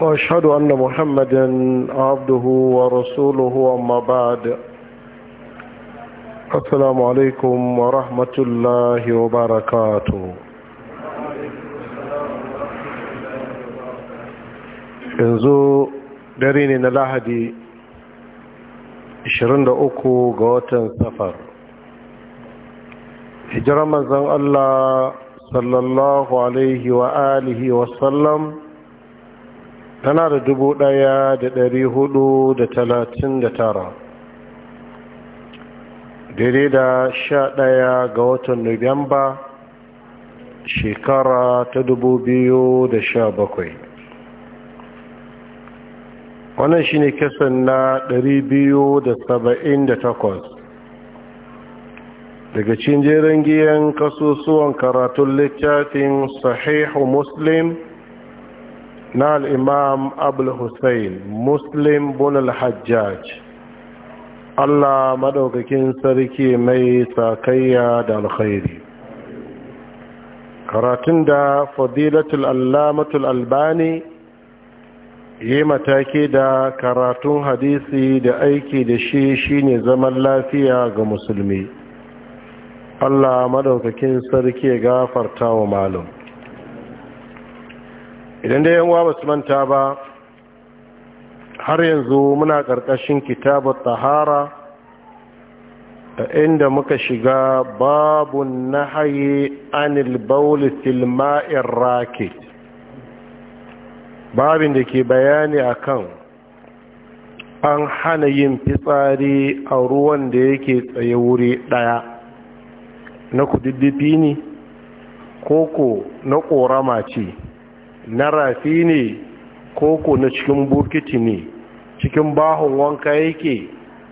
واشهد ان محمدا عبده ورسوله اما بعد السلام عليكم ورحمه الله وبركاته yanzu dare ne na lahadi 23 ga watan safar hijirar manzan allah sallallahu alaihi wa alihi wasallam tana da dubu ɗaya da dari hudu da talatin da tara daidai da sha ɗaya ga watan nuwamba shekara ta dubu biyu da sha bakwai wannan shi ne kisan na dari biyu da saba'in da takwas daga jerin giyan kasusuwan karatun littafin sahihu muslim na al'imam abul-hussein muslim bunal hajjaj allah maɗaukakin sarki mai sakayya da alkhairi karatun da fadilatul allamatul albani yi mataki da karatun hadisi da aiki da shi shine zaman lafiya ga musulmi allah maɗaukakin sarki gafarta wa malum idan da yan ba manta ba har yanzu muna ƙarƙashin kitabar tahara ta inda muka shiga babu haye anil bauli silma'in raket babin da ke bayani akan an hana yin fitsari a ruwan da yake tsaye wuri ɗaya na kududdufi ne koko na ƙorama ce na rafi ne ko na cikin bukiti ne cikin bahon wanka yake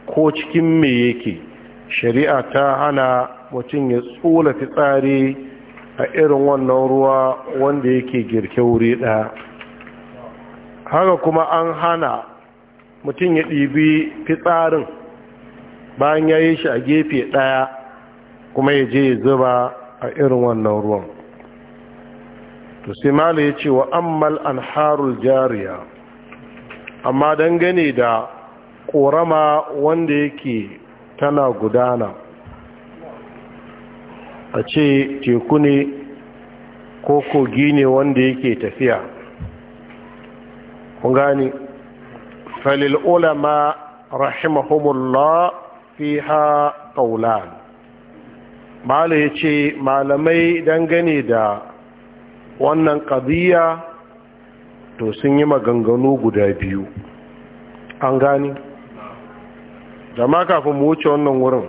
ko cikin me yake shari'a ta hana mutum ya tsola fitsari a irin wannan ruwa wanda yake girke wuri ɗaya haka kuma an hana mutum ya ɗibi fitsarin bayan ya yi shi a gefe ɗaya kuma ya je ya zuba a irin wannan ruwan to sai mala ya ce wa ammal anharul jariya amma dangane da ƙorama wanda yake tana gudana a ce teku ne ko kogi ne wanda yake tafiya kun gani falil ulama rahimahumullah fiha qawlan mala ce malamai dangane da wannan ƙaziyya to sun yi maganganu guda biyu an gani da ma kafin mu wuce wannan wurin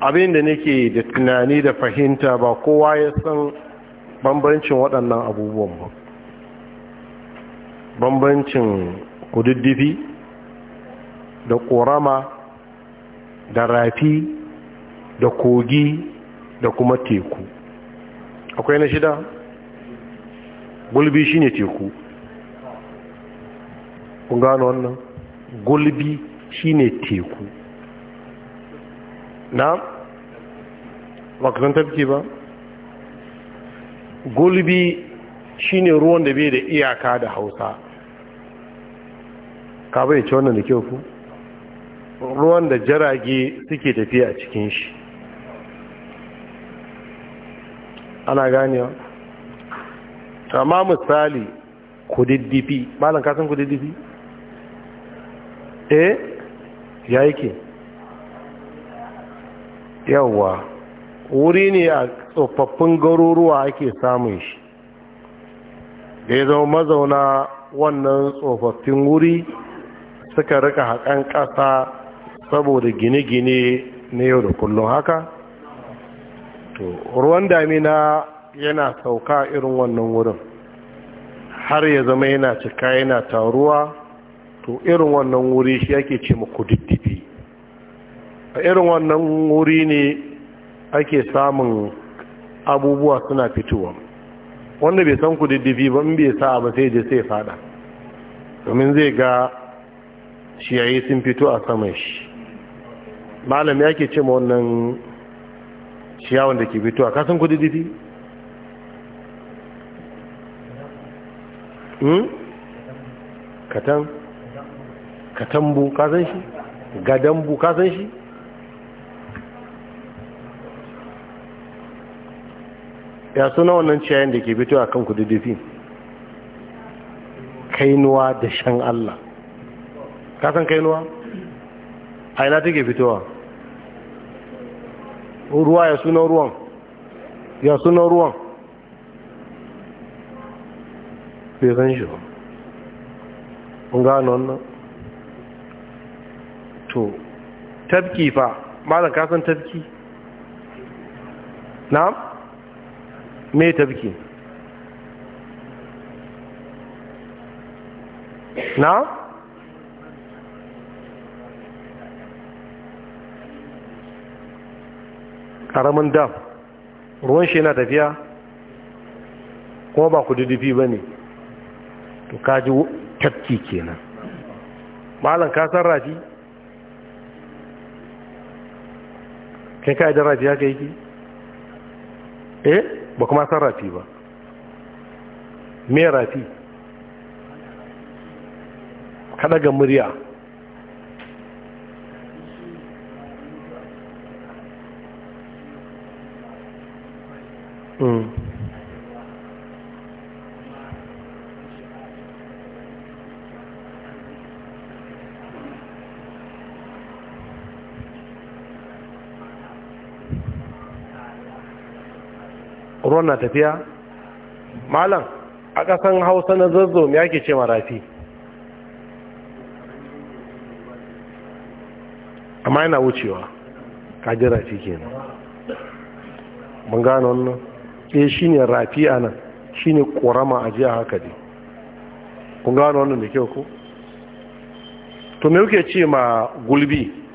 abin da nake da tunani da fahimta ba kowa ya san bambancin waɗannan abubuwan ba bambancin kududdufi da ƙorama da rafi da kogi da kuma teku akwai na shida gulbi shine teku kun gano wannan gulbi shine teku na makasan ke ba gulbi shine ruwan da bai da iyaka da hausa ka bai ce wannan da kyau ku ruwan da jirage suke tafiya a cikin shi ana ganewa amma misali kudiddifi malam ka san kudiddifi eh ya yake yawwa wuri ne a tsofaffin garuruwa ake samun shi da ya zama mazauna wannan tsofaffin wuri suka rika haƙan ƙasa saboda gine-gine na yau da kullum haka to ruwan damina yana sauka irin wannan wurin har ya zama yana cika yana taruwa to irin wannan wuri shi yake ce ma kududdufi a irin wannan wuri ne ake samun abubuwa suna fitowa wanda bai san kududdufi ba in bai sa ba sai je sai fada domin zai ga shiyayi sun fito a saman shi malam ya ke ce ma wannan ciyawan da ke fitowa kasan kududdufi Hmm? katan katambu ka san shi gadambu ka san shi ya suna wannan ciyayin da ke fito a kan kududdufi kainuwa da shan Allah ka san kainuwa a ina take fitowa ruwa ya suna ruwan ya suna ruwan bi gan shi ba mun gano wannan to tafki fa malam ka san tafki na'am me tafki Na, karamin dam ruwan shi yana tafiya kuma ba ku dudufi ba ne to kaji tafki kenan malam ka san rafi kai ka idan rafi haka yake eh ba kuma san rafi ba me rafi kada ga murya ruwan na tafiya malam a ƙasan hausa na zazzo ya ke ce marafi amma yana wucewa kaji rafi kenan mun gano wannan eh, shi shine rafi anan shine ƙorama a jiya haka ne kun gano wannan da kyau ko to me kuke ce ma gulbi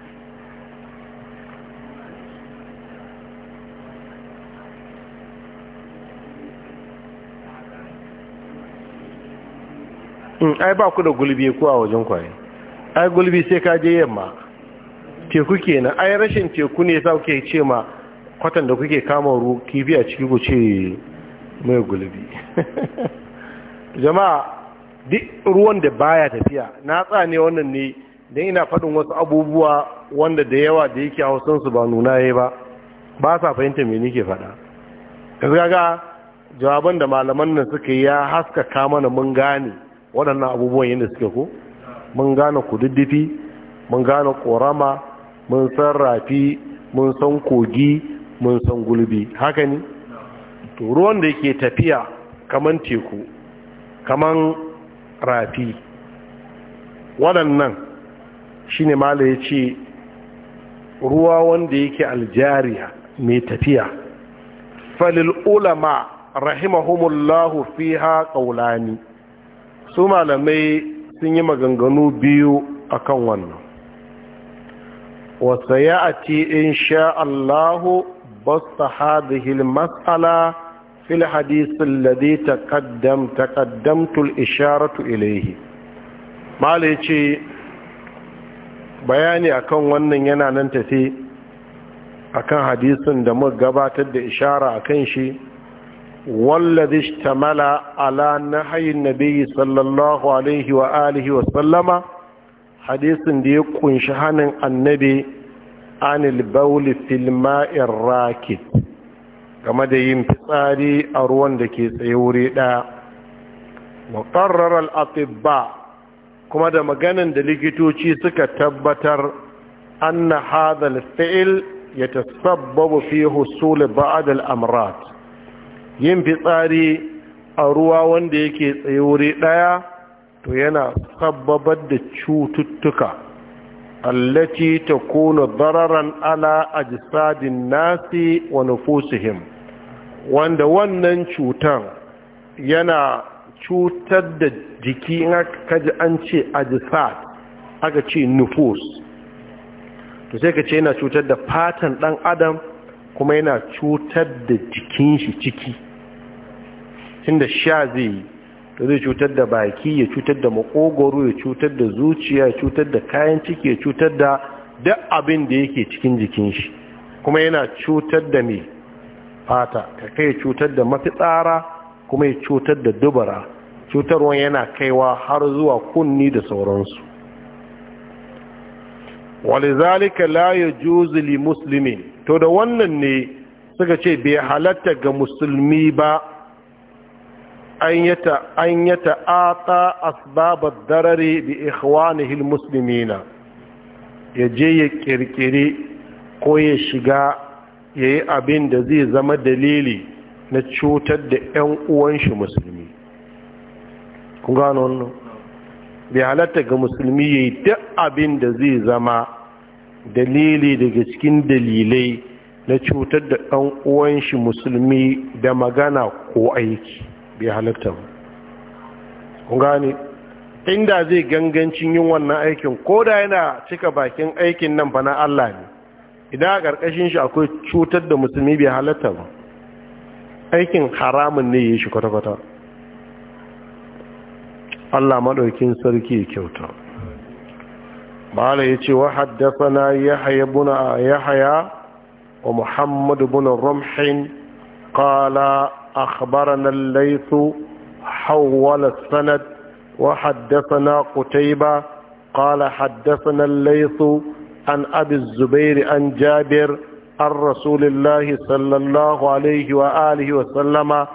Mm, ai ba ku da gulbi ko a wajen kwaye ai gulbi sai ka je yamma teku kenan ai rashin teku ne sa kuke ce ma kwatan da kuke kama ru kifi a ciki ku ce mai gulbi jama'a duk ruwan da baya tafiya na tsane wannan ne dan ina faɗin wasu abubuwa wanda da yawa da yake hausansu ba nuna yayi ba ba sa fahimta me nake faɗa kaga jawaban da malaman nan suka yi ya haskaka mana mun gane waɗannan abubuwan yadda suke ko mun gane kududdufi mun gane ƙorama, mun san rafi mun san kogi mun san gulbi haka ne to ruwan da yake tafiya kaman teku kaman rafi waɗannan shine mala ya ce ruwa wanda yake aljariya mai tafiya falil ulama rahimahumullahu fiha ƙaulani su malamai sun yi maganganu biyu a kan wannan wata ya a ti sha Allahu basta hadihil mas'ala fil hadisin lade taƙaddamtul isharatu ilaihi mala ce bayani akan wannan yana nan tafi akan hadisin da muka gabatar da ishara akan shi والذي اشتمل على نهي النبي صلى الله عليه وآله وسلم حديث دي شهان النبي عن البول في الماء الراكد كما دي انفصاري أروان دكي سيوري دا وقرر الأطباء كما دا مغانا دلقتوشي سكا تبتر أن هذا الفعل يتسبب في حصول بعض الأمراض yin fitsari a ruwa wanda yake tsaye wuri daya, to yana sababar da cututtuka allati ta kuna dararan ala a jisadin nasi wa nufusihim wanda wannan cutan yana cutar da jiki in aka an ce a jisad aka ce nufus to sai ka ce yana cutar da fatan dan adam kuma yana cutar da jikin shi ciki tunda sha zai yi to zai cutar da baki ya cutar da makogoro ya cutar da zuciya ya cutar da kayan ciki ya cutar da duk abin da yake cikin jikin shi kuma yana cutar da mai fata ka kai cutar da mafitsara kuma ya cutar da dubara cutarwa yana kaiwa har zuwa kunni da sauransu walizalika la yajuzu li muslimin to da wannan ne suka ce bai halatta ga musulmi ba an yata an yata ata asbabar darari bi ikhwanihil muslimina ya ya ko ya shiga ya yi abin da zai zama dalili na cutar da 'yan uwanshi musulmi kun gano wannan bai halatta ga musulmi ya yi duk abin da zai zama dalili daga cikin dalilai na cutar da 'yan uwanshi musulmi da magana ko aiki bai halatta ba kun gane inda zai gangancin yin wannan aikin ko da yana cika bakin aikin nan fa na Allah ne idan a ƙarƙashin shi akwai cutar da musulmi bai halatta ba aikin haramun ne ya shi kwata-kwata Allah maɗaukin sarki ya kyauta bala ya ce wa haddasa na ya haya buna ya haya wa muhammadu buna ramhin ƙala أخبرنا الليث حول السند وحدثنا قتيبة قال حدثنا الليث عن أبي الزبير عن جابر عن رسول الله صلى الله عليه وآله وسلم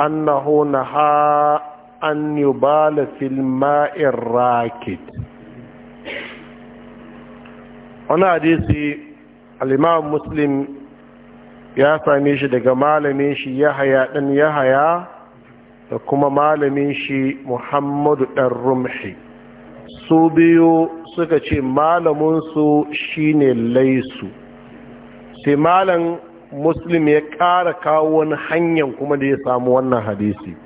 أنه نهى أن يبال في الماء الراكد هنا حديث الإمام مسلم ya same shi daga malamin shi yahaya ɗan yahaya da kuma malamin shi muhammadu ɗan rumhi su biyu suka ce malaminsu shine laisu sai malam muslim ya ƙara kawo wani hanyar kuma da ya samu wannan hadisi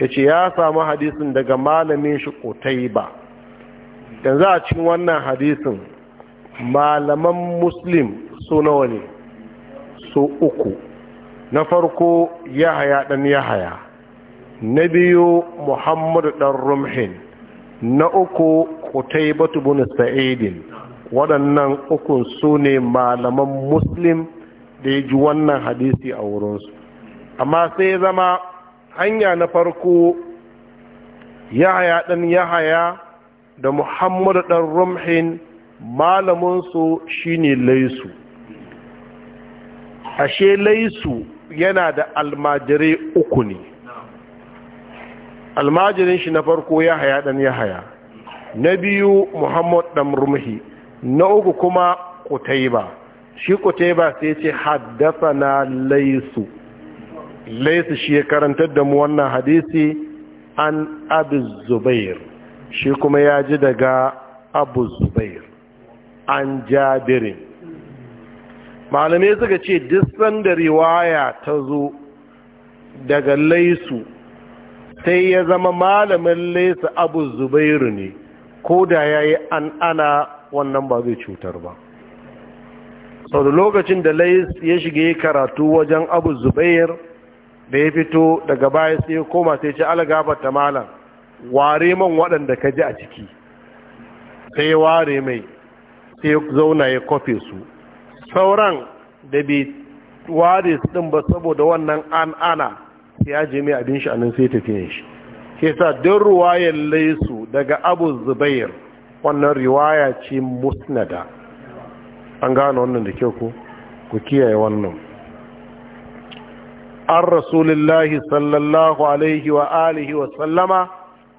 ya ce ya samu hadisin daga malamin shi kotai ba yanzu a cikin wannan hadisin malaman muslim su nawa ne so uku na farko yahaya ɗan yahaya na biyu muhammadu ɗan rumhin na uku kutai batu sa'idin waɗannan ukun su ne malaman muslim da ya ji wannan hadisi a wurinsu amma sai zama hanya na farko yahaya ɗan yahaya da muhammadu ɗan rumhin malaminsu shine laisu ashe laisu yana da almajirai uku ne almajirin shi na farko ya haya dan ya haya na biyu muhammad dan rumhi na uku kuma kutaiba shi kutaiba sai ce haddasa na laisu laisu shi ya karantar da mu wannan hadisi an abu zubair shi kuma ya ji daga abu zubair an jabirin malamai suka ce duk da riwaya ta zo daga laisu sai ya zama malamin laisu abu zubairu ne ko da ya yi an ana wannan ba zai cutar ba sau da lokacin da lais ya shige karatu wajen abu zubair da ya fito daga baya sai koma sai ce algabar ta malam ware man waɗanda ka ji a ciki sai ware mai sai zauna ya kofe su sauran da bai ware su ɗin ba saboda wannan an ana ya je mai abin shi anan sai tafiye shi ke sa don ruwayar laisu daga abu zubair wannan riwaya ce musnada an gano wannan da kyau ku ku kiyaye wannan an rasulullahi sallallahu alaihi wa alihi wa sallama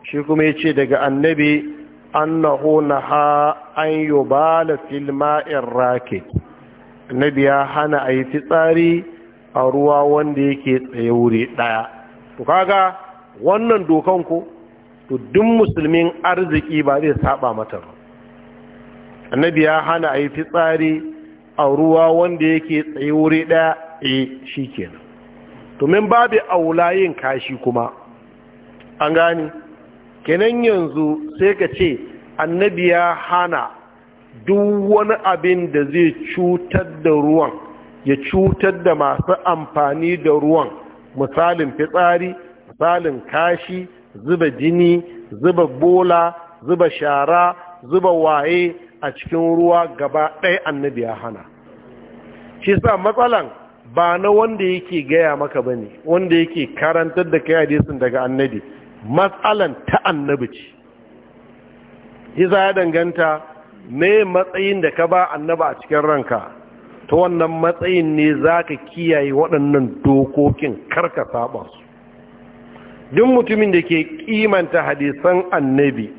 shi kuma ya ce daga annabi an hona ha an ba da filma in rakit annabi ya hana a yi fitsari a ruwa wanda yake tsaye wuri ɗaya to kaga wannan dokan ko to duk musulmin arziki ba zai saba mata ba annabi ya hana a yi fitsari a ruwa wanda yake tsaye wuri ɗaya e shi kenan to min babu aula yin kashi kuma an gani kenan yanzu sai ka ce annabi ya hana duk wani abin da zai cutar da ruwan ya cutar da masu amfani da ruwan misalin fitsari misalin kashi zuba jini zuba bola zuba shara zuba waye a cikin ruwa gaba ɗaya annabi ya hana shi sa matsalan ba na wanda yake gaya maka ba ne wanda yake karantar da kai hadisin daga annabi matsalan ta annabi ce shi ya danganta me matsayin da ka ba annaba a cikin ranka ta wannan matsayin ne za ka kiyaye waɗannan dokokin karka saba su duk mutumin da ke kimanta hadisan annabi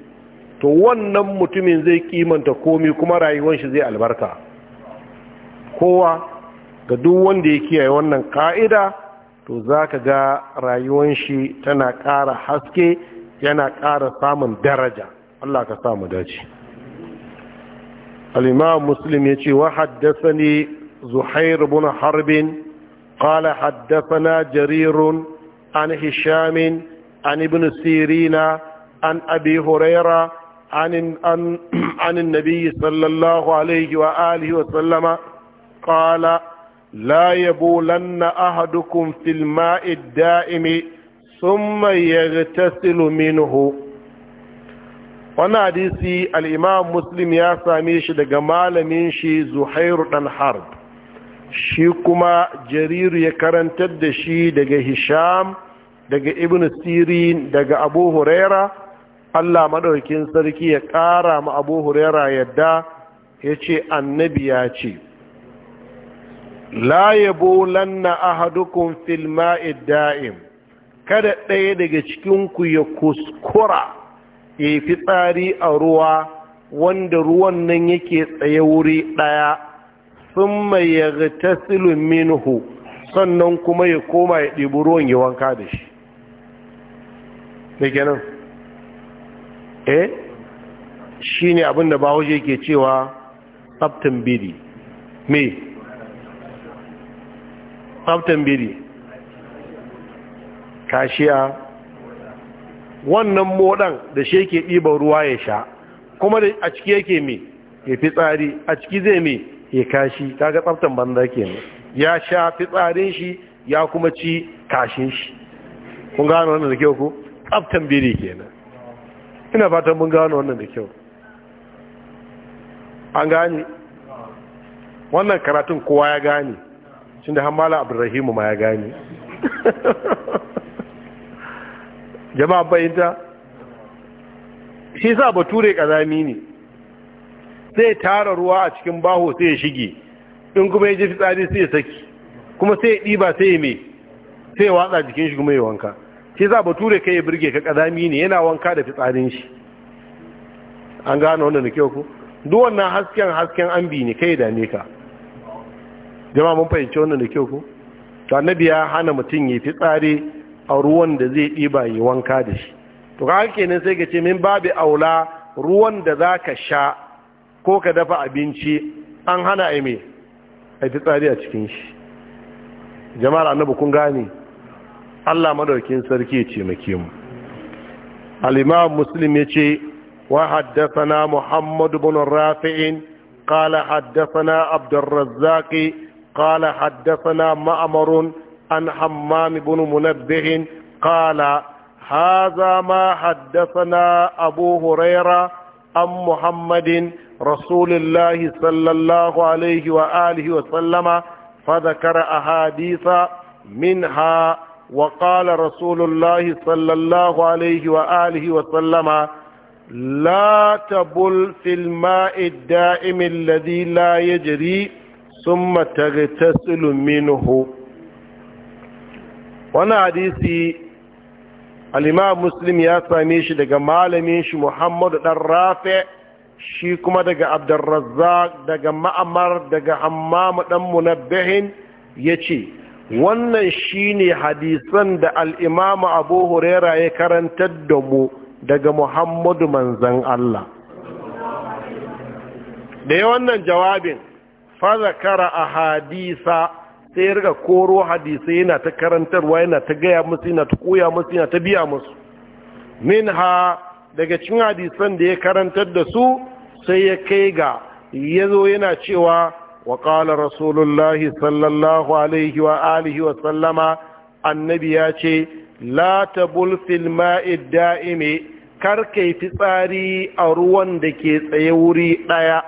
to wannan mutumin zai kimanta komi kuma rayuwar shi zai albarka kowa ga duk wanda ya kiyaye wannan ka'ida to za ka ga rayuwar shi tana ƙara haske yana ƙara samun daraja Allah ka samu dace الإمام مسلم يتي وحدثني زحير بن حرب قال حدثنا جرير عن هشام عن ابن سيرين عن أبي هريرة عن, عن, عن النبي صلى الله عليه وآله وسلم قال لا يبولن أحدكم في الماء الدائم ثم يغتسل منه wannan hadisi al'imam muslim ya same shi daga malamin shi zuhairu ɗan harb shi kuma jariru ya karantar da shi daga hisham daga ibn sirin daga abu huraira allah maɗaukin sarki ya ƙara ma abu huraira yadda ya ce annabi ya ce la yabo lanna ahadukun filma da'im kada ɗaya daga cikinku ya kuskura ya fitsari a ruwa wanda ruwan nan yake tsaye wuri ɗaya sun mai ya minhu sannan kuma ya koma ya ɗibi ruwan ya wanka da shi eh? da kenan eh shi ne abinda bahaushe ke cewa tsaftan biri me tsaftan biri kashiya wannan modan da shi yake ɗiban ruwa ya sha kuma da a ciki yake mai ya fitsari a ciki zai mai ya kashi kaga tsaftan banza ne ya sha fitsarin shi ya kuma ci kashin shi kun gano wannan da kyau ko tsaftan biri kenan ina fatan mun gano wannan da kyau an gane wannan karatun kowa ya gane shi da hamala rahimu ma ya gane jama'a bayinta shi sa bature kazami ne sai tara ruwa a cikin baho sai ya shige in kuma ya ji fitsari sai ya saki kuma sai ya ɗiba sai ya mai sai ya watsa jikin shi kuma ya wanka shi ba bature kai ya birge ka kazami ne yana wanka da fitsarin shi an gano wannan da kyau ku duk wannan hasken hasken an bi ne kai da ne ka jama'a mun fahimci wannan da kyau ku to annabi ya hana mutum ya fitsari a ruwan da zai ɗiba yi wanka da shi to ka kenan sai ka ce min babu aula ruwan da za ka sha ko ka dafa abinci an hana a mai a fitsari a cikin shi jama'ar annabu kun gane allah madaukin sarki ya ce maki mu al'imam muslim ya ce wa haddasana muhammadu bin rafi'in قال na عبد الرزاق قال na معمر عن حمام بن منبه قال هذا ما حدثنا أبو هريرة عن محمد رسول الله صلى الله عليه وآله وسلم فذكر أحاديث منها وقال رسول الله صلى الله عليه وآله وسلم لا تبل في الماء الدائم الذي لا يجري ثم تغتسل منه wani hadisi al'imam muslim ya same shi daga malamin shi muhammadu ɗan rafe shi kuma daga abdurrazzak daga ma'amar daga hammamu ɗan munabbihin ya ce wannan shi ne hadisan da al'imamu abu huraira ya karantar da mu daga muhammadu manzan Allah da yi wannan jawabin zakara a hadisa sai ya riga koro hadisai yana ta karantarwa yana ta gaya musu yana ta koya musu yana ta biya musu min ha daga cikin hadisan da ya karantar da su sai ya kai ga ya zo yana cewa wa ƙala rasulullahi sallallahu alaihi wa alihi wa sallama annabi ya ce la ta bulfil ma'id da'ime kai fitsari a ruwan da ke tsaye wuri ɗaya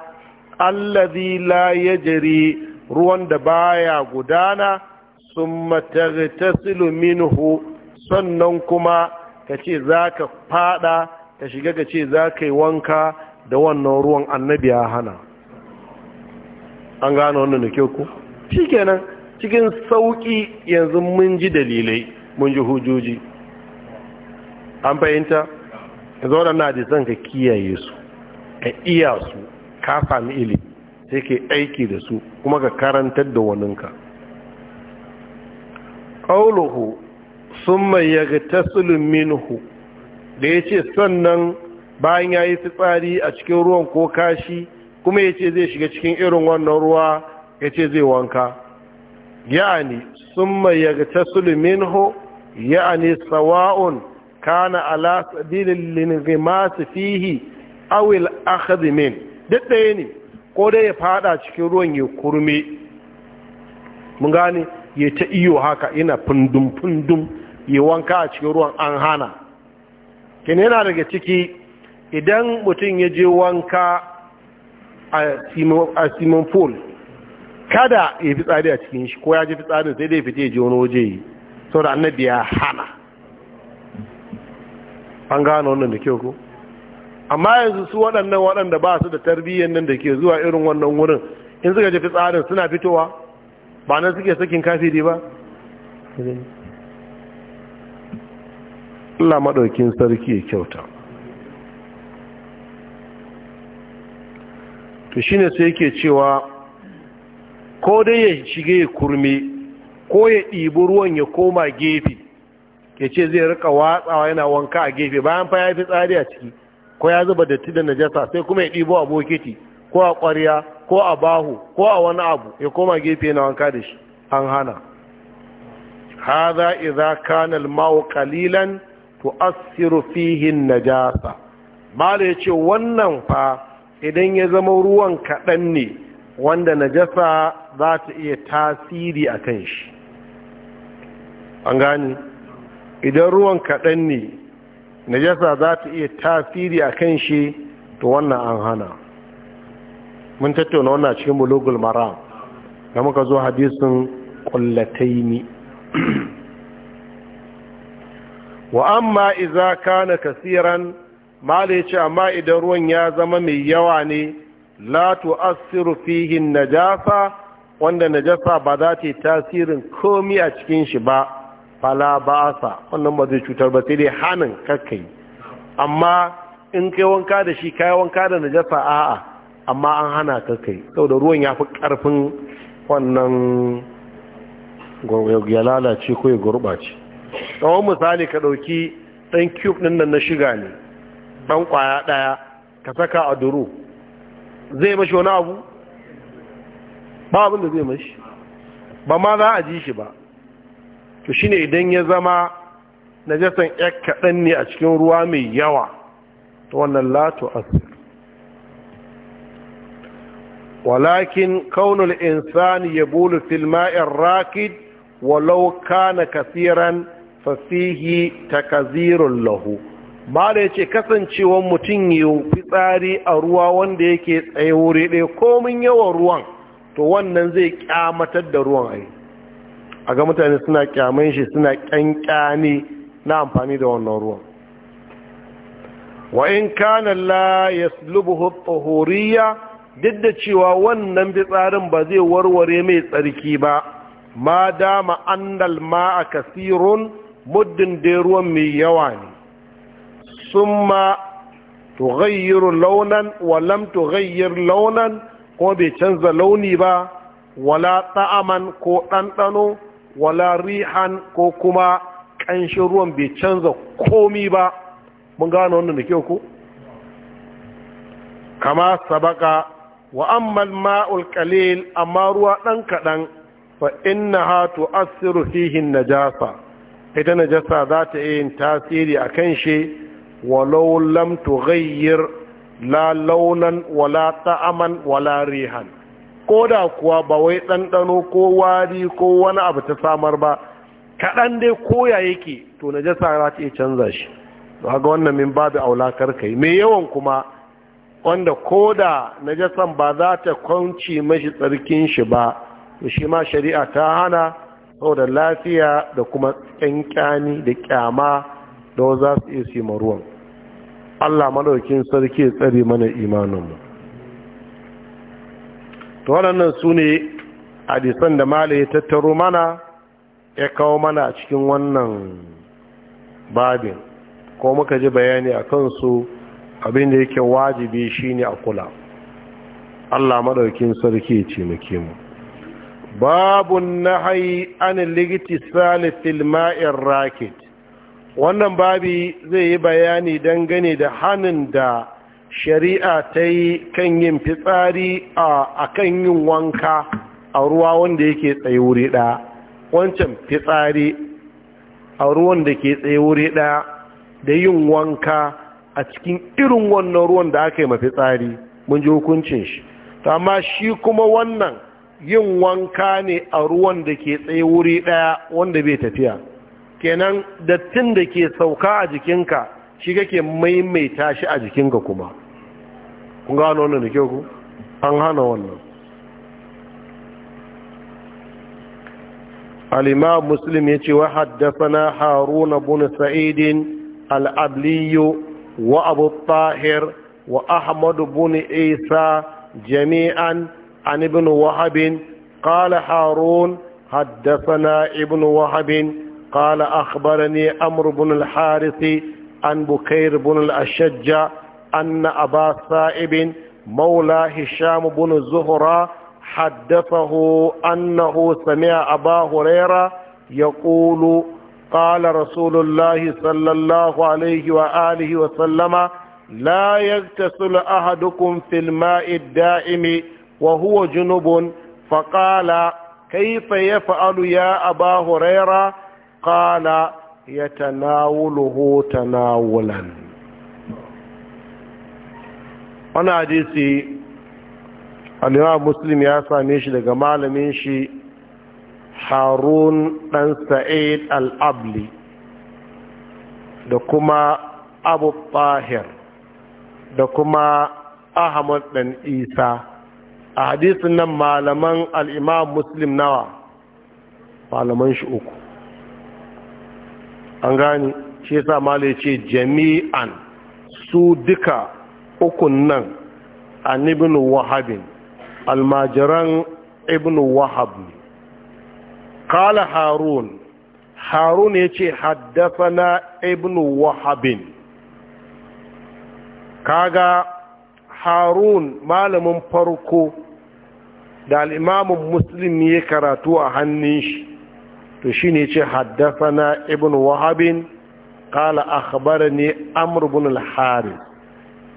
allazi la ya ruwan da baya gudana ta tagtasilu minhu sannan kuma ka ce za ka fada ka shiga kace ka yi wanka da wannan ruwan annabi ya hana an gano wannan da kyau shi kenan cikin sauki yanzu mun ji dalilai mun ji hujoji an fahimta yanzu waɗannan adisan ka kiyaye su ka iya su ka sami ilimi sai ke aiki da su kuma ka karantar da waninka ƙauluhu sun mai yaga tasulun minuhu da ya ce sannan bayan ya yi fitsari a cikin ruwan ko kashi kuma ya ce zai shiga cikin irin wannan ruwa ya ce zai wanka ya'ani sun mai yaga tasulun minuhu ya'ani sawa'un kana ala sabilin masu fihi awil akhadhimin duk ɗaya ne ko dai ya fada cikin ruwan ya kurme mun gane ya ta iyo haka yana fundum-fundum ya wanka a cikin ruwan an hana kene yana daga ciki idan mutum ya je wanka a simon pool kada ya fi tsari a cikin shi ko ya ji fi tsarin sai dai fita ya je wani waje yi saboda annabi ya hana an gano wannan da kyau ko amma yanzu su waɗannan waɗanda ba su da tarbiyyar nan da ke zuwa irin wannan wurin in suka jefi fitsarin suna fitowa ba nan suke sakin kafiri ba Allah maɗaukin sarki kyauta to shine sai yake cewa ko dai ya shige ya kurme ko ya ɗibi ruwan ya koma gefe ya ce zai rika watsawa yana wanka a gefe bayan fa ya fi tsari a ciki ko ya zuba datti da najasa sai kuma ya ɗibo a bokiti ko a ƙwarya ko a bahu ko a wani abu ya koma gefe na wanka da shi an hana hadha idza kana al-ma'u qalilan tu'assiru fihi an-najasa mala yace wannan fa idan ya zama ruwan kaɗan ne wanda najasa za ta iya tasiri a kan shi an gani idan ruwan kaɗan ne najasa za ta iya tasiri a kan shi to wannan an hana mun tattauna wannan cikin bulugul maram da muka zo hadisin kullataini wa amma iza kana kasiran mala yace amma idan ruwan ya zama mai yawa ne la tu'assiru fihi najasa wanda najasa ba za ta yi tasirin komi a cikin shi ba fala sa wannan ba zai cutar ba sai dai hannun kakkai amma in kai wanka da shi kai wanka da najasa a'a amma an hana kakkai saboda ruwan ya fi karfin wannan ya lalace ko ya ce? tsawon misali ka ɗauki ɗan cube ɗin nan na shiga ne ɗan ƙwaya ɗaya ka saka a duru zai mashi wani abu ba abin da zai mashi ba ma za a ji shi ba to shine idan ya zama najasan yak kaɗan ne a cikin ruwa mai yawa to wannan latu asir walakin kaunul insani ya fil ma'i rakid walau kana kasiran fasihi takazirun lahu ba da ya ce kasancewan mutum yiwu fitsari a ruwa wanda yake tsaye wuri ɗaya komin yawan ruwan to wannan zai kyamatar da ruwan ai a ga mutane suna kyaman shi suna kyankyani na amfani da wannan ruwan wa in kana la yaslubuhu horiya, duk da cewa wannan fitsarin ba zai warware mai tsarki ba ma dama dalma a kasirun muddin da ruwan mai yawa ne sun ma tughayyiru launan walam launan ko bai canza launi ba wala ta'aman ko ɗanɗano wala rihan ko kuma ƙanshin ruwan bai canza komi ba mun gano wannan da kyau ko kama sabaka wa ammal ma'ul qalil amma ruwa dan kadan fa innaha tu'assiru fihi najasa ita najasa za ta yin tasiri kan shi walau lam tughayyir la launan wala ta'aman wala rihan ko da kuwa ba wai ɗanɗano ko wari ko wani abu ta samar ba kaɗan dai koya yake to na jasa za ta canza shi ba ga wannan min babu aulakar kai mai yawan kuma wanda ko da na jasan ba za ta kwanci mashi tsarkin shi ba to shi ma shari'a ta hana saboda lafiya da kuma ƙyanƙyani da ƙyama da za su iya simaruwan ruwan Allah madaukin sarki ya tsare mana imaninmu to waɗannan su ne hadisan da mala ya tattaro mana ya kawo mana a cikin wannan babin ko muka ji bayani a kansu abinda yake wajibi shine a kula Allah madaukin sarki ce muke mu babun nahyi an ligiti fil ma'ir rakit wannan babi zai yi bayani dangane da hanin da shari'a ta yi kan yin fitsari a kan yin wanka a ruwa wanda yake tsaye wuri ɗaya wancan fitsari a ruwan da ke tsaye wuri ɗaya da yin wanka a cikin irin wannan ruwan da aka yi tsari mun ji hukuncin shi amma shi kuma wannan yin wanka ne a ruwan da ke tsaye wuri ɗaya wanda bai tafiya kenan dattin da ke sauka a jikinka shi kake maimaita shi a jikinka kuma kun an hana wannan al-imam muslim ya ce wa haddathana haruna bin sa'id al-abli wa abu tahir wa ahmad bin isa jami'an an ibn wahab qala harun haddathana ibn wahab qala akhbarani amr bin al-harith an bukair bin al أن أبا سائب مولى هشام بن زهرة حدثه أنه سمع أبا هريرة يقول قال رسول الله صلى الله عليه وآله وسلم لا يغتسل أحدكم في الماء الدائم وهو جنب فقال كيف يفعل يا أبا هريرة قال يتناوله تناولا wani hadisi alimawa muslim ya same shi daga malamin shi harun dan sa'id al-abli da kuma abu tahir da kuma ahmad dan isa a hadisin nan malaman al'imam muslim nawa malaman shi uku an gani shi yasa malai ce jami'an su duka ukun nan an ibn wahabin almajiran ibn wahab kala harun harun ya ce haddafana ibn wahabin kaga harun malamin farko da al'imamin muslim ya karatu a hannun shi to shi ne ce haddafana ibn wahabin kala akhbarani amr ibn al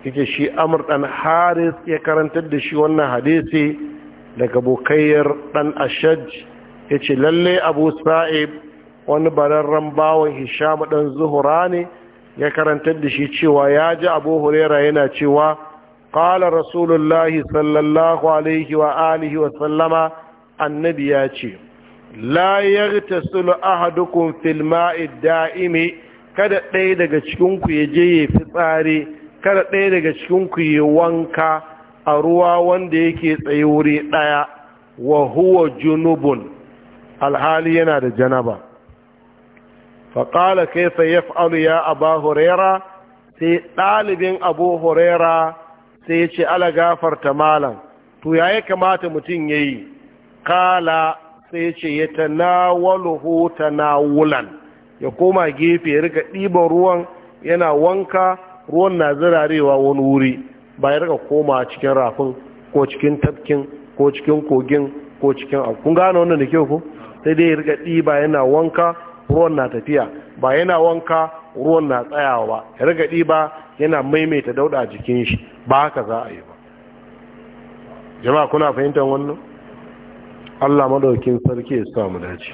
yake shi amur ɗan haris ya karantar da shi wannan hadisi daga bukayyar ɗan ashaj ya ce lalle abu sa'ib wani bararren bawan hisham ɗan zuhura ne ya karantar da shi cewa ya ji abu hurera yana cewa ƙala rasulullahi sallallahu alaihi wa alihi wa sallama annabi ya ce la yartasilu ahadukum ahadukun da'imi kada ɗaya daga cikinku ya je ya fi tsari." kada ɗaya daga cikin ku yi wanka a ruwa wanda yake tsaye wuri ɗaya wa huwa junubun alhali yana da janaba faƙala kai fa yaf'alu ya aba horera, sai ɗalibin abu horera sai ya ce ala gafarta malam to ya kamata mutum ya yi kala sai ce ya tanawaluhu tanawulan ya koma gefe ya riga ɗiban ruwan yana wanka ruwan na zirarewa wani wuri ba ya rika koma cikin rafin ko cikin tafkin ko cikin kogin ko cikin abu kun gane wannan da kyau ko sai dai ya rika ɗiba yana wanka ruwan na tafiya ba yana wanka ruwan na tsayawa ba ya rika ɗiba yana maimaita dauda jikin shi ba haka za a yi ba jama'a kuna fahimtar wannan Allah madaukin sarki ya samu dace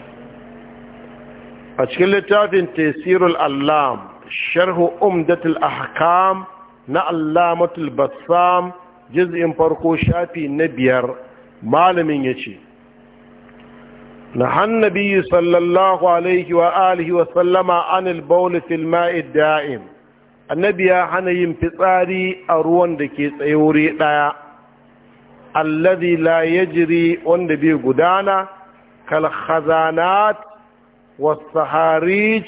a cikin littafin tasirul allam sharhu umdatul ahkam na allamatul bassam juz'in farko shafi na biyar malamin ya ce نهى النبي صلى الله عليه وآله وسلم عن البول في الماء الدائم النبي يا hana yin fitsari a ruwan da ke tsayuri ɗaya alladhi wanda bai gudana kal khazanat was saharij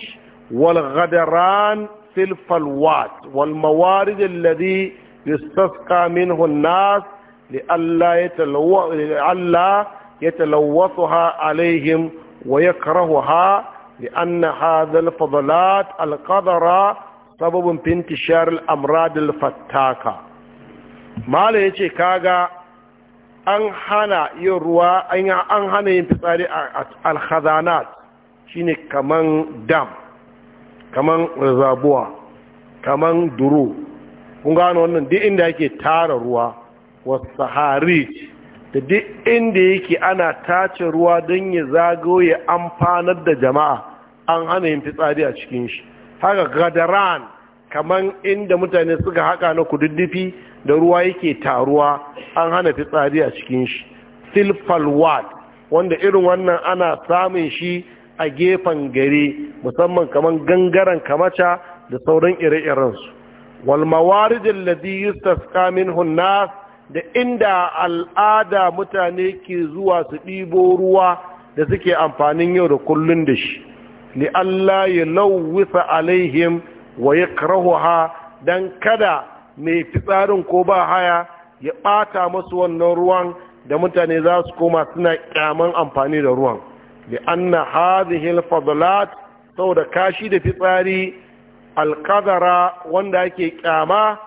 والغدران في الفلوات والموارد الذي يستسقى منه الناس لئلا يتلو لئلا يتلوثها عليهم ويكرهها لأن هذا الفضلات القدرة سبب في انتشار الأمراض الفتاكة ما يجي كاغا an hana yin ruwa an hana yin fitsari a alhazanat shine kaman dam kaman zabuwa kaman duro kun gano wannan duk inda yake tara ruwa wasu da duk inda yake ana tace ruwa don ya zago amfanar da jama'a an hana yin fitsari a cikin shi haka gadaran kaman inda mutane suka haka na kududdufi da ruwa yake taruwa an hana fitsari a cikin shi silfalwad wanda irin wannan ana samun shi a gefen gari musamman kamar gangaren kamata da sauran ire-irensu wal mawaridin ladhi yustasqa min hunna da inda al'ada mutane ke zuwa su ɗibo ruwa da suke amfanin yau da kullun da shi li Allah ya lauwisa alaihim wa ha don kada mai fitsarin ko ba haya ya ɓata masu wannan ruwan da mutane za su koma suna kyaman amfani da ruwan لأن هذه الفضلات saboda kashi da fitsari alkadara wanda ake kyama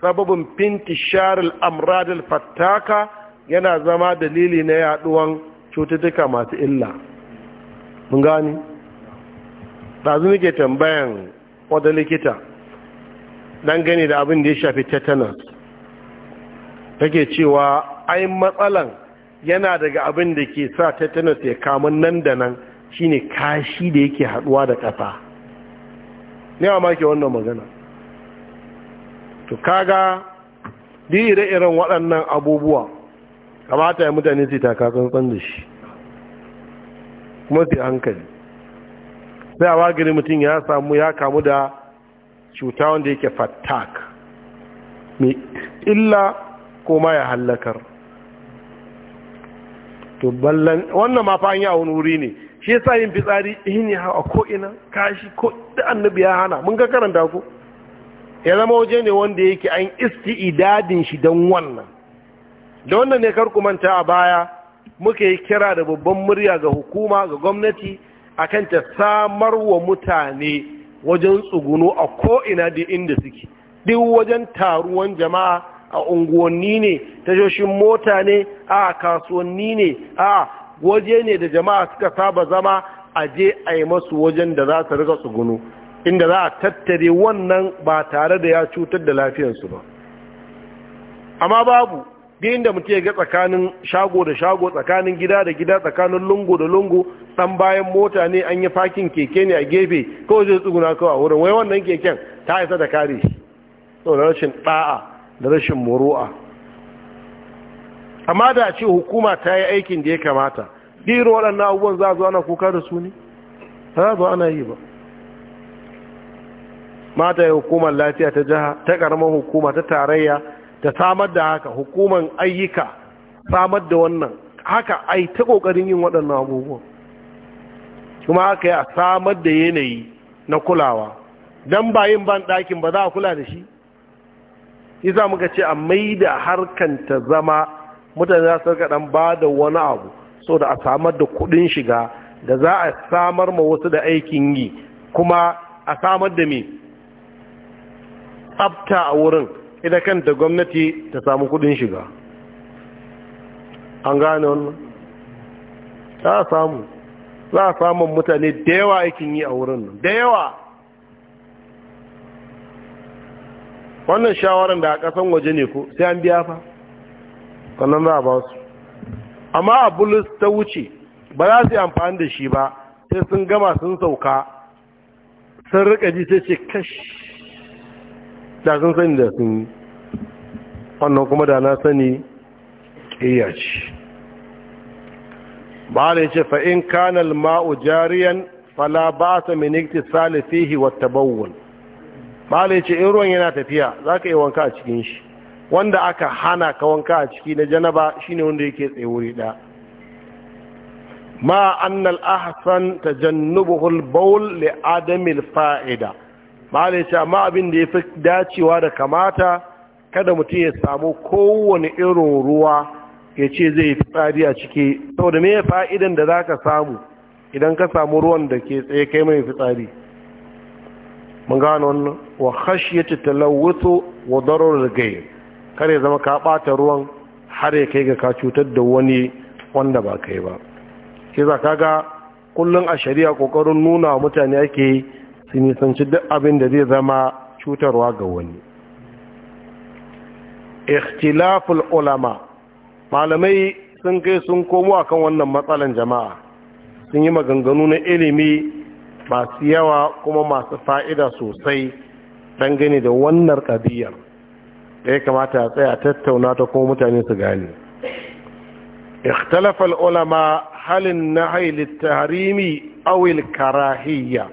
sababin fintishar al'amradar fattaka yana zama dalili na yaduwan cututtuka masu illa mun gani ɗazu nake tambayan wata likita don gani da abin da ya shafi tetanus take cewa ai matsalan yana daga abin da ke sa tetanus ya kamu nan da nan shine kashi da yake haɗuwa da ƙasa ne a maki wannan magana to kaga dire irin waɗannan abubuwa kamata ya mutane su taka tsantsan da shi kuma su hankali sai a wagiri mutum ya samu ya kamu da cuta wanda yake fattak mai illa ko ma ya hallakar to ballan wannan ma fa an yi a wani wuri ne shi yasa yin fitsari in ya a ko ina kashi ko da annabi ya hana mun ga karanta ko ya zama waje ne wanda yake an idadin shi don wannan da wannan ne kar ku manta a baya muka yi kira da babban murya ga hukuma ga gwamnati akan ta samar mutane wajen tsuguno a ko'ina da inda suke duk wajen taruwan jama'a a unguwanni ne tashoshin mota ne a kasuwanni ne a waje ne da jama'a suka saba zama a je a yi masu wajen da za su riga tsugunu inda za a tattare wannan ba tare da ya cutar da lafiyarsu ba amma babu biyun da muke ga tsakanin shago da shago tsakanin gida da gida tsakanin lungu da lungu ɗan bayan mota ne an yi fakin keke ne a gefe kawai zai tsuguna kawai wurin wai wannan keken ta isa da kare shi saboda rashin ɗa'a da rashin muru'a amma da ce hukuma ta yi aikin da ya kamata ɗiro waɗannan abubuwan za a zo ana kuka da su ne a zo ana yi ba mata ya hukumar lafiya ta jiha ta ƙaramin hukuma ta tarayya ta samar da haka hukumar ayyuka samar da wannan haka ai ta ƙoƙarin yin waɗannan abubuwan kuma haka ya samar da yanayi na kulawa don bayin ban ɗakin ba za a kula da shi Iza za muka ce a maida harkan ta zama mutane za su dan ba da wani abu so da a samar da kuɗin shiga da za a samar ma wasu da aikin yi kuma a samar da me tsabta a wurin ita kanta gwamnati ta samu kuɗin shiga an gane wannan Za a samu za a samun mutane da yawa aikin yi a wurin da yawa wannan shawaran da a kasan waje ne ko sai an biya fa sannan za a ba su amma a bulus ta wuce ba za su yi amfani da shi ba sai sun gama sun sauka sun rika ji sai ce kash da sun sani da sun yi wannan kuma da na sani ƙiyya ce ba da ya ce fa'in kanal ma'u jariyan fala ba ta minikti salifihi wata bawon malai ce in ruwan yana tafiya za ka yi wanka a cikin shi wanda aka hana ka wanka a ciki na janaba shine wanda yake tsaye wuri ɗaya ma annal ahsan ta al baul li adamil faida malai ce amma abin da ya fi dacewa da kamata kada mutum ya samu kowane irin ruwa ya ce zai yi fitsari a ciki saboda me fa'idan da za ka samu idan ka samu ruwan da ke tsaye kai mai fitsari mun gano wannan wa khashyati talawuthu wa darar gai kar ya zama ka bata ruwan har ya kai ga ka cutar da wani wanda ba kai ba ke za ka ga kullum a shari'a kokarin nuna mutane ake su nisanci duk abin da zai zama cutarwa ga wani ikhtilaful ulama malamai sun kai sun komo akan wannan matsalan jama'a sun yi maganganu na ilimi masu yawa kuma masu fa'ida sosai dangane da wannan ƙadiyar da ya kamata a tsaya tattauna ta kuma mutane su gane ikhtalafal ulama halin na hailin taharimi awil karahiyya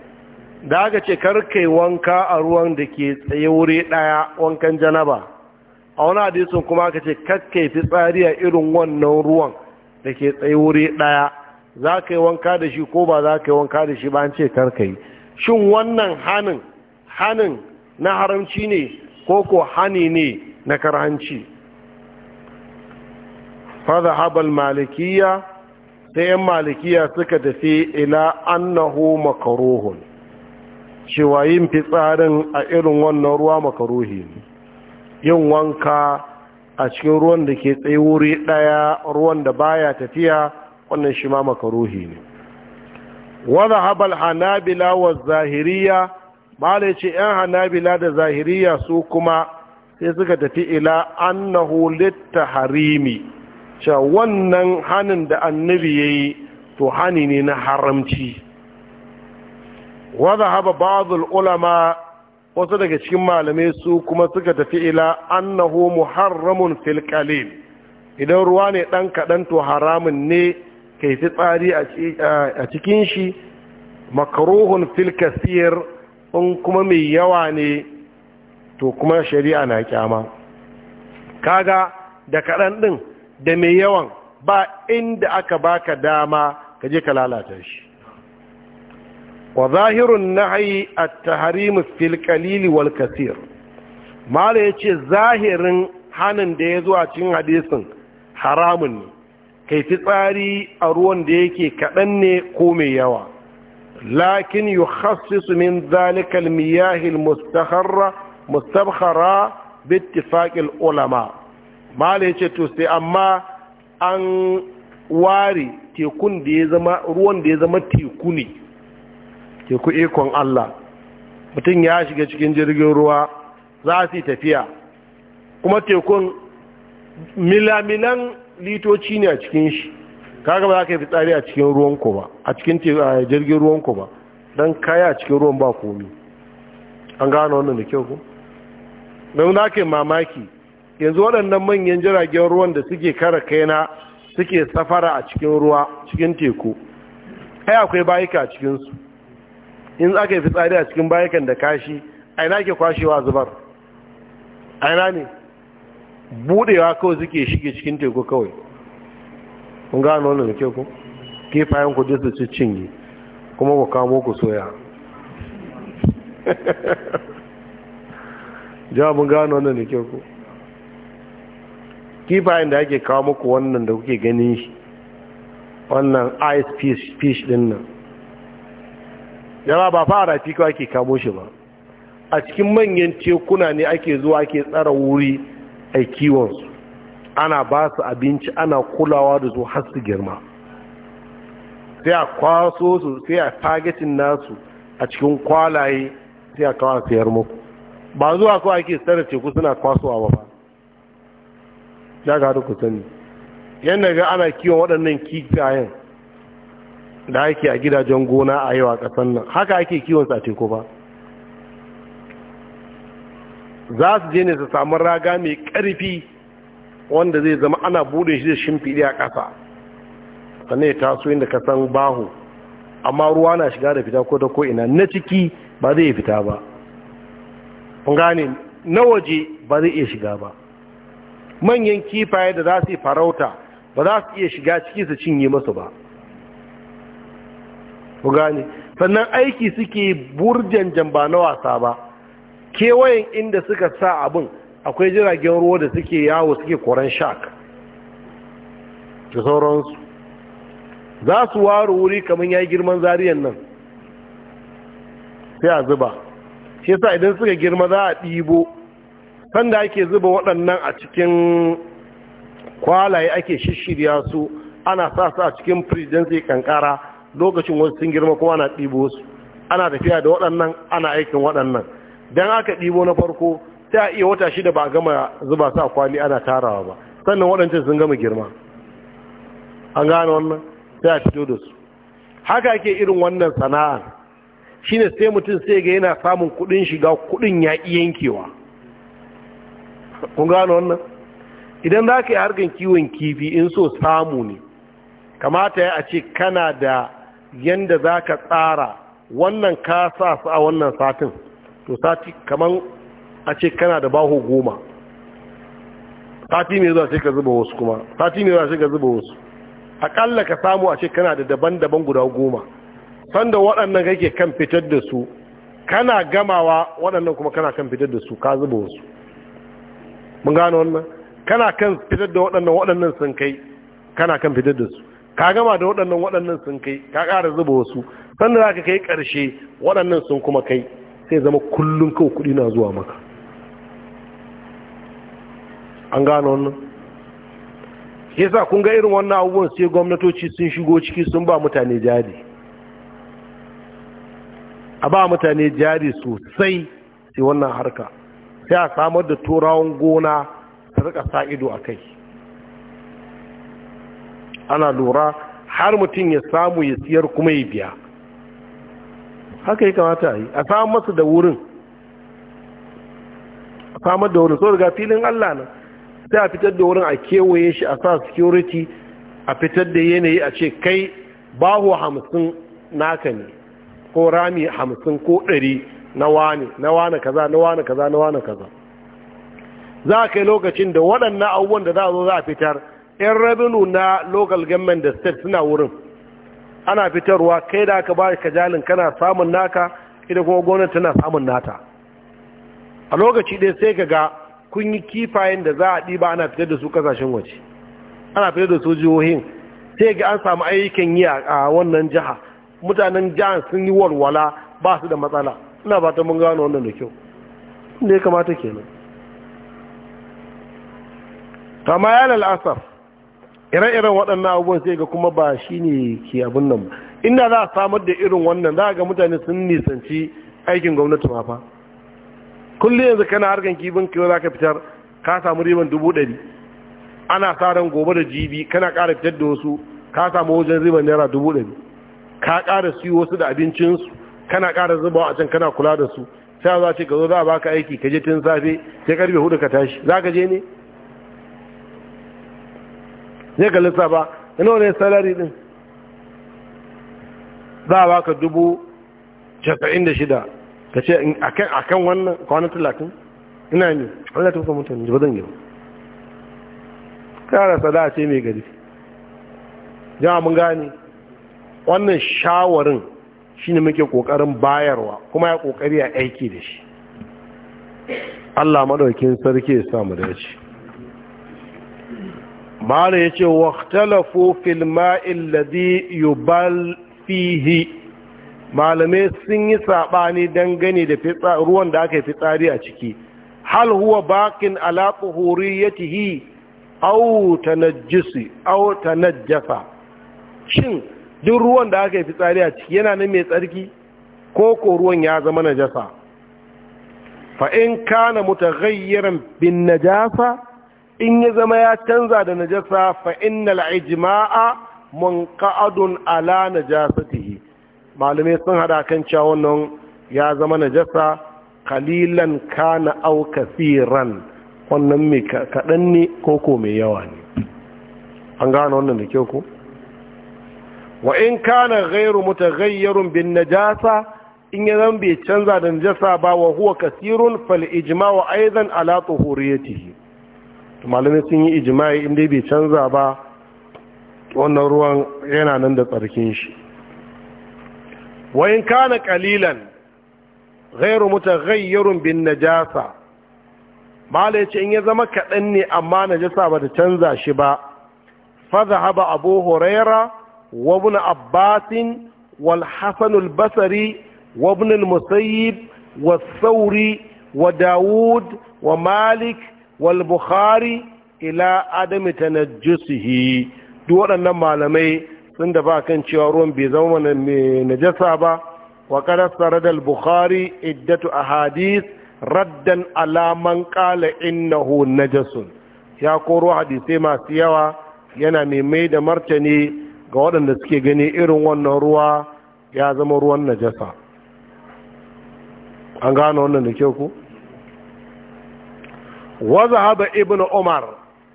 da aka ce karkai wanka a ruwan da ke tsaye wuri ɗaya wankan janaba a wani hadisun kuma aka ce karkai fitsari a irin wannan ruwan da ke tsaye wuri ɗaya za ka yi wanka da shi ko ba za ka yi wanka da shi ba an ce karka yi shin wannan hannun hanin na haramci ne ko ko hani ne na karhanci fada habal malikiya sai yan malikiya suka tafi ila annahu makarohun. cewa yin fitsarin a irin wannan ruwa makarohi. ne yin wanka a cikin ruwan da ke tsaye wuri ɗaya ruwan da baya tafiya wannan shi ma makaruhi ne wadda habal hanabila wa zahiriya mala ce yan hanabila da zahiriya su kuma sai suka tafi ila annahu litta harimi cewa wannan hannun da annabi ya yi to hani ne na haramci wadda haba ba'adul ulama wasu daga cikin malamai su kuma suka tafi ila annahu muharramun haramun idan ruwa ne ɗan kaɗan to haramun ne kai fitsari a cikin shi makaruhun filkasir in kuma mai yawa ne to kuma shari'a na kyama kaga da kaɗan ɗin da mai yawan ba inda aka baka dama ka je ka lalata shi wa zahirun na a tahrim fil filkalili wal mara ya yace zahirin hannun da ya zuwa a cikin hadisin haramun ne kai fitsari a ruwan da yake kaɗan ne ko mai yawa lakin yi hassisu min zalikal miyahil mustabhara bittifaƙil ulama mala ya ce to sai amma an ware tekun da ya zama ruwan da ya zama teku ne teku ikon Allah mutum ya shiga cikin jirgin ruwa za su yi tafiya kuma tekun milamilan litoci ne a cikin shi kaga ba za ka yi fitsari a cikin ruwan ku ba a cikin jirgin ruwan ku ba don kaya a cikin ruwan ba komi an gano wannan da kyau ku don za ka mamaki yanzu waɗannan manyan jiragen ruwan da suke kara kaina suke safara a cikin ruwa cikin teku ai akwai bayika a cikinsu in ka yi fitsari a cikin bayikan da kashi aina ke kwashewa zubar aina ne budewa kawai suke shige cikin teku kawai kun gano wannan da kyau ku kifayen ku duk su cinye kuma ku kamo ku soya Ja mun gano wannan da kyau ku kifayen da ake kawo muku wannan da kuke ganin shi wannan ice fish fish din nan jama ba fara fi kawai ake kamo shi ba a cikin manyan tekuna ne ake zuwa ake tsara wuri ai ana ba su abinci ana kulawa da su har su girma sai a kwaso su sai a fagetin nasu a cikin kwalaye sai a kawo sayar muku ba zuwa kawai ake tsara teku suna kwasowa ba ba ya ga ku sani yadda ga ana kiwon waɗannan kifayen da ake a gidajen gona a yau a ƙasar nan haka ake kiwon su a teku ba za su je ne su samu raga mai ƙarfi wanda zai zama ana bude shi da shimfiɗi a ƙasa sannan ya taso inda ka san bahu amma ruwa na shiga da fita ko ta ko ina na ciki ba zai iya fita ba kun gane na waje ba zai iya shiga ba manyan kifaye da za su yi farauta ba za su iya shiga ciki su cinye masu ba ku gane sannan aiki suke burjan jamba na wasa ba kewayen inda suka sa abin akwai jiragen ruwa da suke yawo suke koren shark da sauransu za su waru wuri kamar ya yi girman zariyan nan sai a zuba shi sa idan suka girma za a ɗibo sanda ake zuba waɗannan a cikin kwalaye ake shishirya su ana sa su a cikin firijin sai kankara lokacin wasu sun girma kuma ana ɗibo su ana tafiya da waɗannan ana aikin waɗannan dan aka ɗibo na farko ta iya wata shida ba a gama zuba sa kwali ana tarawa ba sannan waɗancan sun gama girma an gane wannan sai a fito da su haka ake irin wannan sana'a shine sai mutum sai ga yana samun kuɗin shiga kuɗin ya yankewa kun gane wannan idan za ka yi harkar kiwon kifi in so samu ne kamata ya a ce kana da yanda za ka tsara wannan kasa su a wannan satin to sati kaman a ce kana da baho goma sati mai zuwa sai ka zuba wasu kuma sati mai zuwa sai ka zuba wasu akalla ka samu a ce kana da daban-daban guda goma sanda waɗannan kake kan fitar da su kana gamawa waɗannan kuma kana kan fitar da su ka zuba wasu mun gano wannan kana kan fitar da waɗannan waɗannan sun kai kana kan fitar da su ka gama da waɗannan waɗannan sun kai ka ƙara zuba wasu sannan za ka kai ƙarshe waɗannan sun kuma kai sai zama kullum kawai kuɗi na zuwa maka an gano wannan yasa kun ga irin wannan abubuwan sai gwamnatoci sun shigo ciki sun ba mutane jari a ba mutane jari sosai sai wannan harka sai a samar da turawan gona ta rika sa ido a kai ana lura har mutum ya samu ya siyar kuma ya biya haka ya kamata a yi a samun masu da wurin a samar da wurin so daga filin allah nan sai a fitar da wurin a kewaye shi a sa security a fitar da yanayi a ce kai baho hamsin naka ne ko rami hamsin ko ɗari na wane na wane kaza na wane kaza na wane kaza za a kai lokacin da waɗannan abubuwan da za a zo za a fitar 'yan rabinu na local government da state suna wurin ana fitarwa kai da aka ba ka jalin kana samun naka idan kuma gwamnati tana samun nata a lokaci ɗaya sai ka ga kun yi kifayen da za a ɗiba ana fitar da su kasashen waje ana fitar da su jihohin sai ga an samu ayyukan yi a wannan jiha mutanen jihar sun yi walwala ba su da matsala ina ba mun gano wannan da kyau inda ya kamata kenan kama ire-iren waɗannan abubuwan sai ga kuma ba shi ne ke abin nan ba inda za a samar da irin wannan za a ga mutane sun nisanci aikin gwamnati ma fa kullum yanzu kana harkar kibin kiwo za ka fitar ka samu riban dubu ɗari ana sa ran gobe da jibi kana ƙara fitar da wasu ka samu wajen riban naira dubu ɗari ka ƙara siyo wasu da abincinsu kana ƙara zuba a can kana kula da su sai za ce ka zo za a baka aiki ka je tun safe sai karfe hudu ka tashi za ka je ne zai lissa ba ina wani salari din za a baka dubu casa'in da shida ka ce a kan wannan kwanan talatin ina ne wanda tuka mutane ji ba zan yi ba kara sada ce mai gari jama mun gane wannan shawarin shine muke kokarin bayarwa kuma ya kokari a aiki da shi Allah madaukin sarki ya samu dace mala ya ce waktalafu fil ma'il yubal fihi malamai sun yi saɓani dangane da ruwan da aka yi fitsari a ciki hal huwa bakin hori ala tuhuriyatihi aw tanajjisi na jafa. shin duk ruwan da aka yi fitsari a ciki yana nan mai tsarki ko ko ruwan ya zama najasa fa in kana mutaghayyiran bin najasa in ya zama ya canza da najasa fa innal ijma'a munqa'adun ala najasatihi malume sun hada kan cewa wannan ya zama najasa qalilan kana aw kaseeran wannan mai kadan ne ko ko mai yawa ne an gano wannan da kyau ko wa in kana ghairu mutaghayyirun bin najasa in yi zama bai canza da najasa ba wa huwa kaseerun fal ijma'u aidan ala tuhuriyatihi malamai sun yi ijimai inda bai canza ba wannan ruwan yana nan da tsarkin shi wayin kana kalilan ghairu mutaghayyirun bin najasa mala yace in ya zama kaɗan ne amma najasa bata canza shi ba fa haba abu huraira wa ibn abbas wal basri wa ibn al wa dawud wa malik wal bukhari ila adami tanajjusihi duk waɗannan malamai sun da ba kan cewa ruwan bai zama mai najasa ba wa qad sarada al bukhari iddatu ahadith raddan ala man qala innahu najasun ya koro hadisai masu yawa yana mai mai da martani ga waɗanda suke gani irin wannan ruwa ya zama ruwan najasa an gano wannan da kyau ku wa zahaba ibnu umar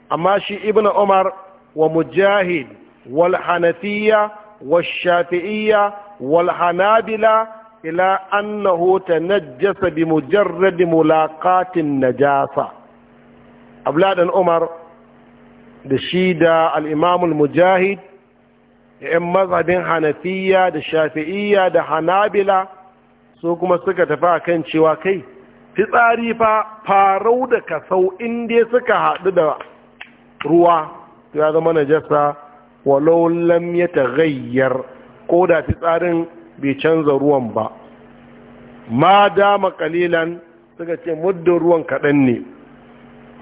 amma shi ibnu umar wa mujahid wal hanafiya wal shafi'iyya wal hanabila ila annahu tanajjasa bi mujarrad mulaqatin najasa abladan umar da shi da al-imam mujahid da 'yan mazhabin hanafiya da shafi'iyya da hanabila su kuma suka tafi akan cewa kai fitsari fa farau da kasau in inda suka haɗu da ruwa ya zama najasa walau lam ya gayyar ko da fitsarin bai canza ruwan ba ma dama kalilan suka ce muddin ruwan kaɗan ne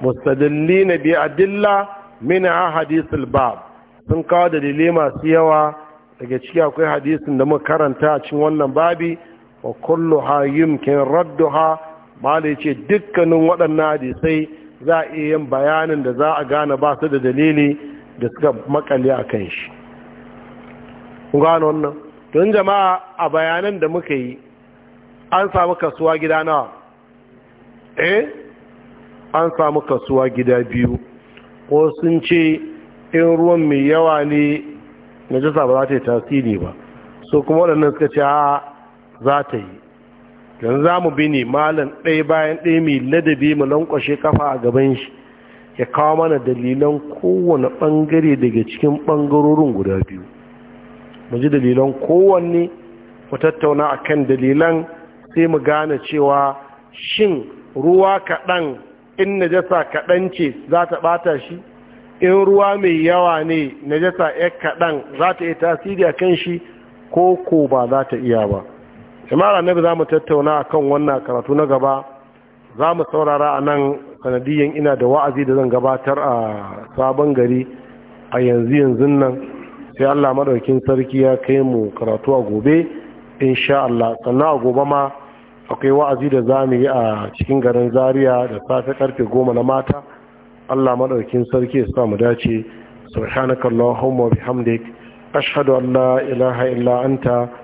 mustadalli na bi adilla min a hadisul bab sun kawo dalilai masu yawa daga ciki akwai hadisin da muka karanta a cikin wannan babi wa kullu ha yumkin radduha mala ya ce dukkanin waɗannan hadisai za a iya yin bayanin da za a gane ba su da dalili da suka makale a kan shi gane wannan don jama'a a bayanan da muka yi an samu kasuwa gida nawa eh an samu kasuwa gida biyu ko sun ce in ruwan mai yawa ne na jisa ba za ta yi tasiri ba so kuma waɗannan suka ce za ta yi yanzu za mu bi ne malam ɗaya bayan ɗaya mai ladabi mu lankwashe kafa a gaban shi ya kawo mana dalilan kowane ɓangare daga cikin ɓangarorin guda biyu mu ji dalilan kowanne mu tattauna a kan dalilan sai mu gane cewa shin ruwa kaɗan in na jasa kaɗan ce za ta ɓata shi in ruwa mai yawa ne na jasa ya kaɗan za ta yi tasiri a kan shi ko ko ba za ta iya ba jama'a annabi za mu tattauna a kan wannan karatu na gaba za mu saurara a nan sanadiyyan ina da wa'azi da zan gabatar a sabon gari a yanzu yanzu nan sai allah maɗaukin sarki ya kai mu karatu a gobe insha allah sannan a gobe ma akwai wa'azi da za mu yi a cikin garin zaria da safe karfe goma na mata allah maɗaukin sarki ya sa mu dace subhanakallahumma bihamdik ashhadu an la ilaha illa anta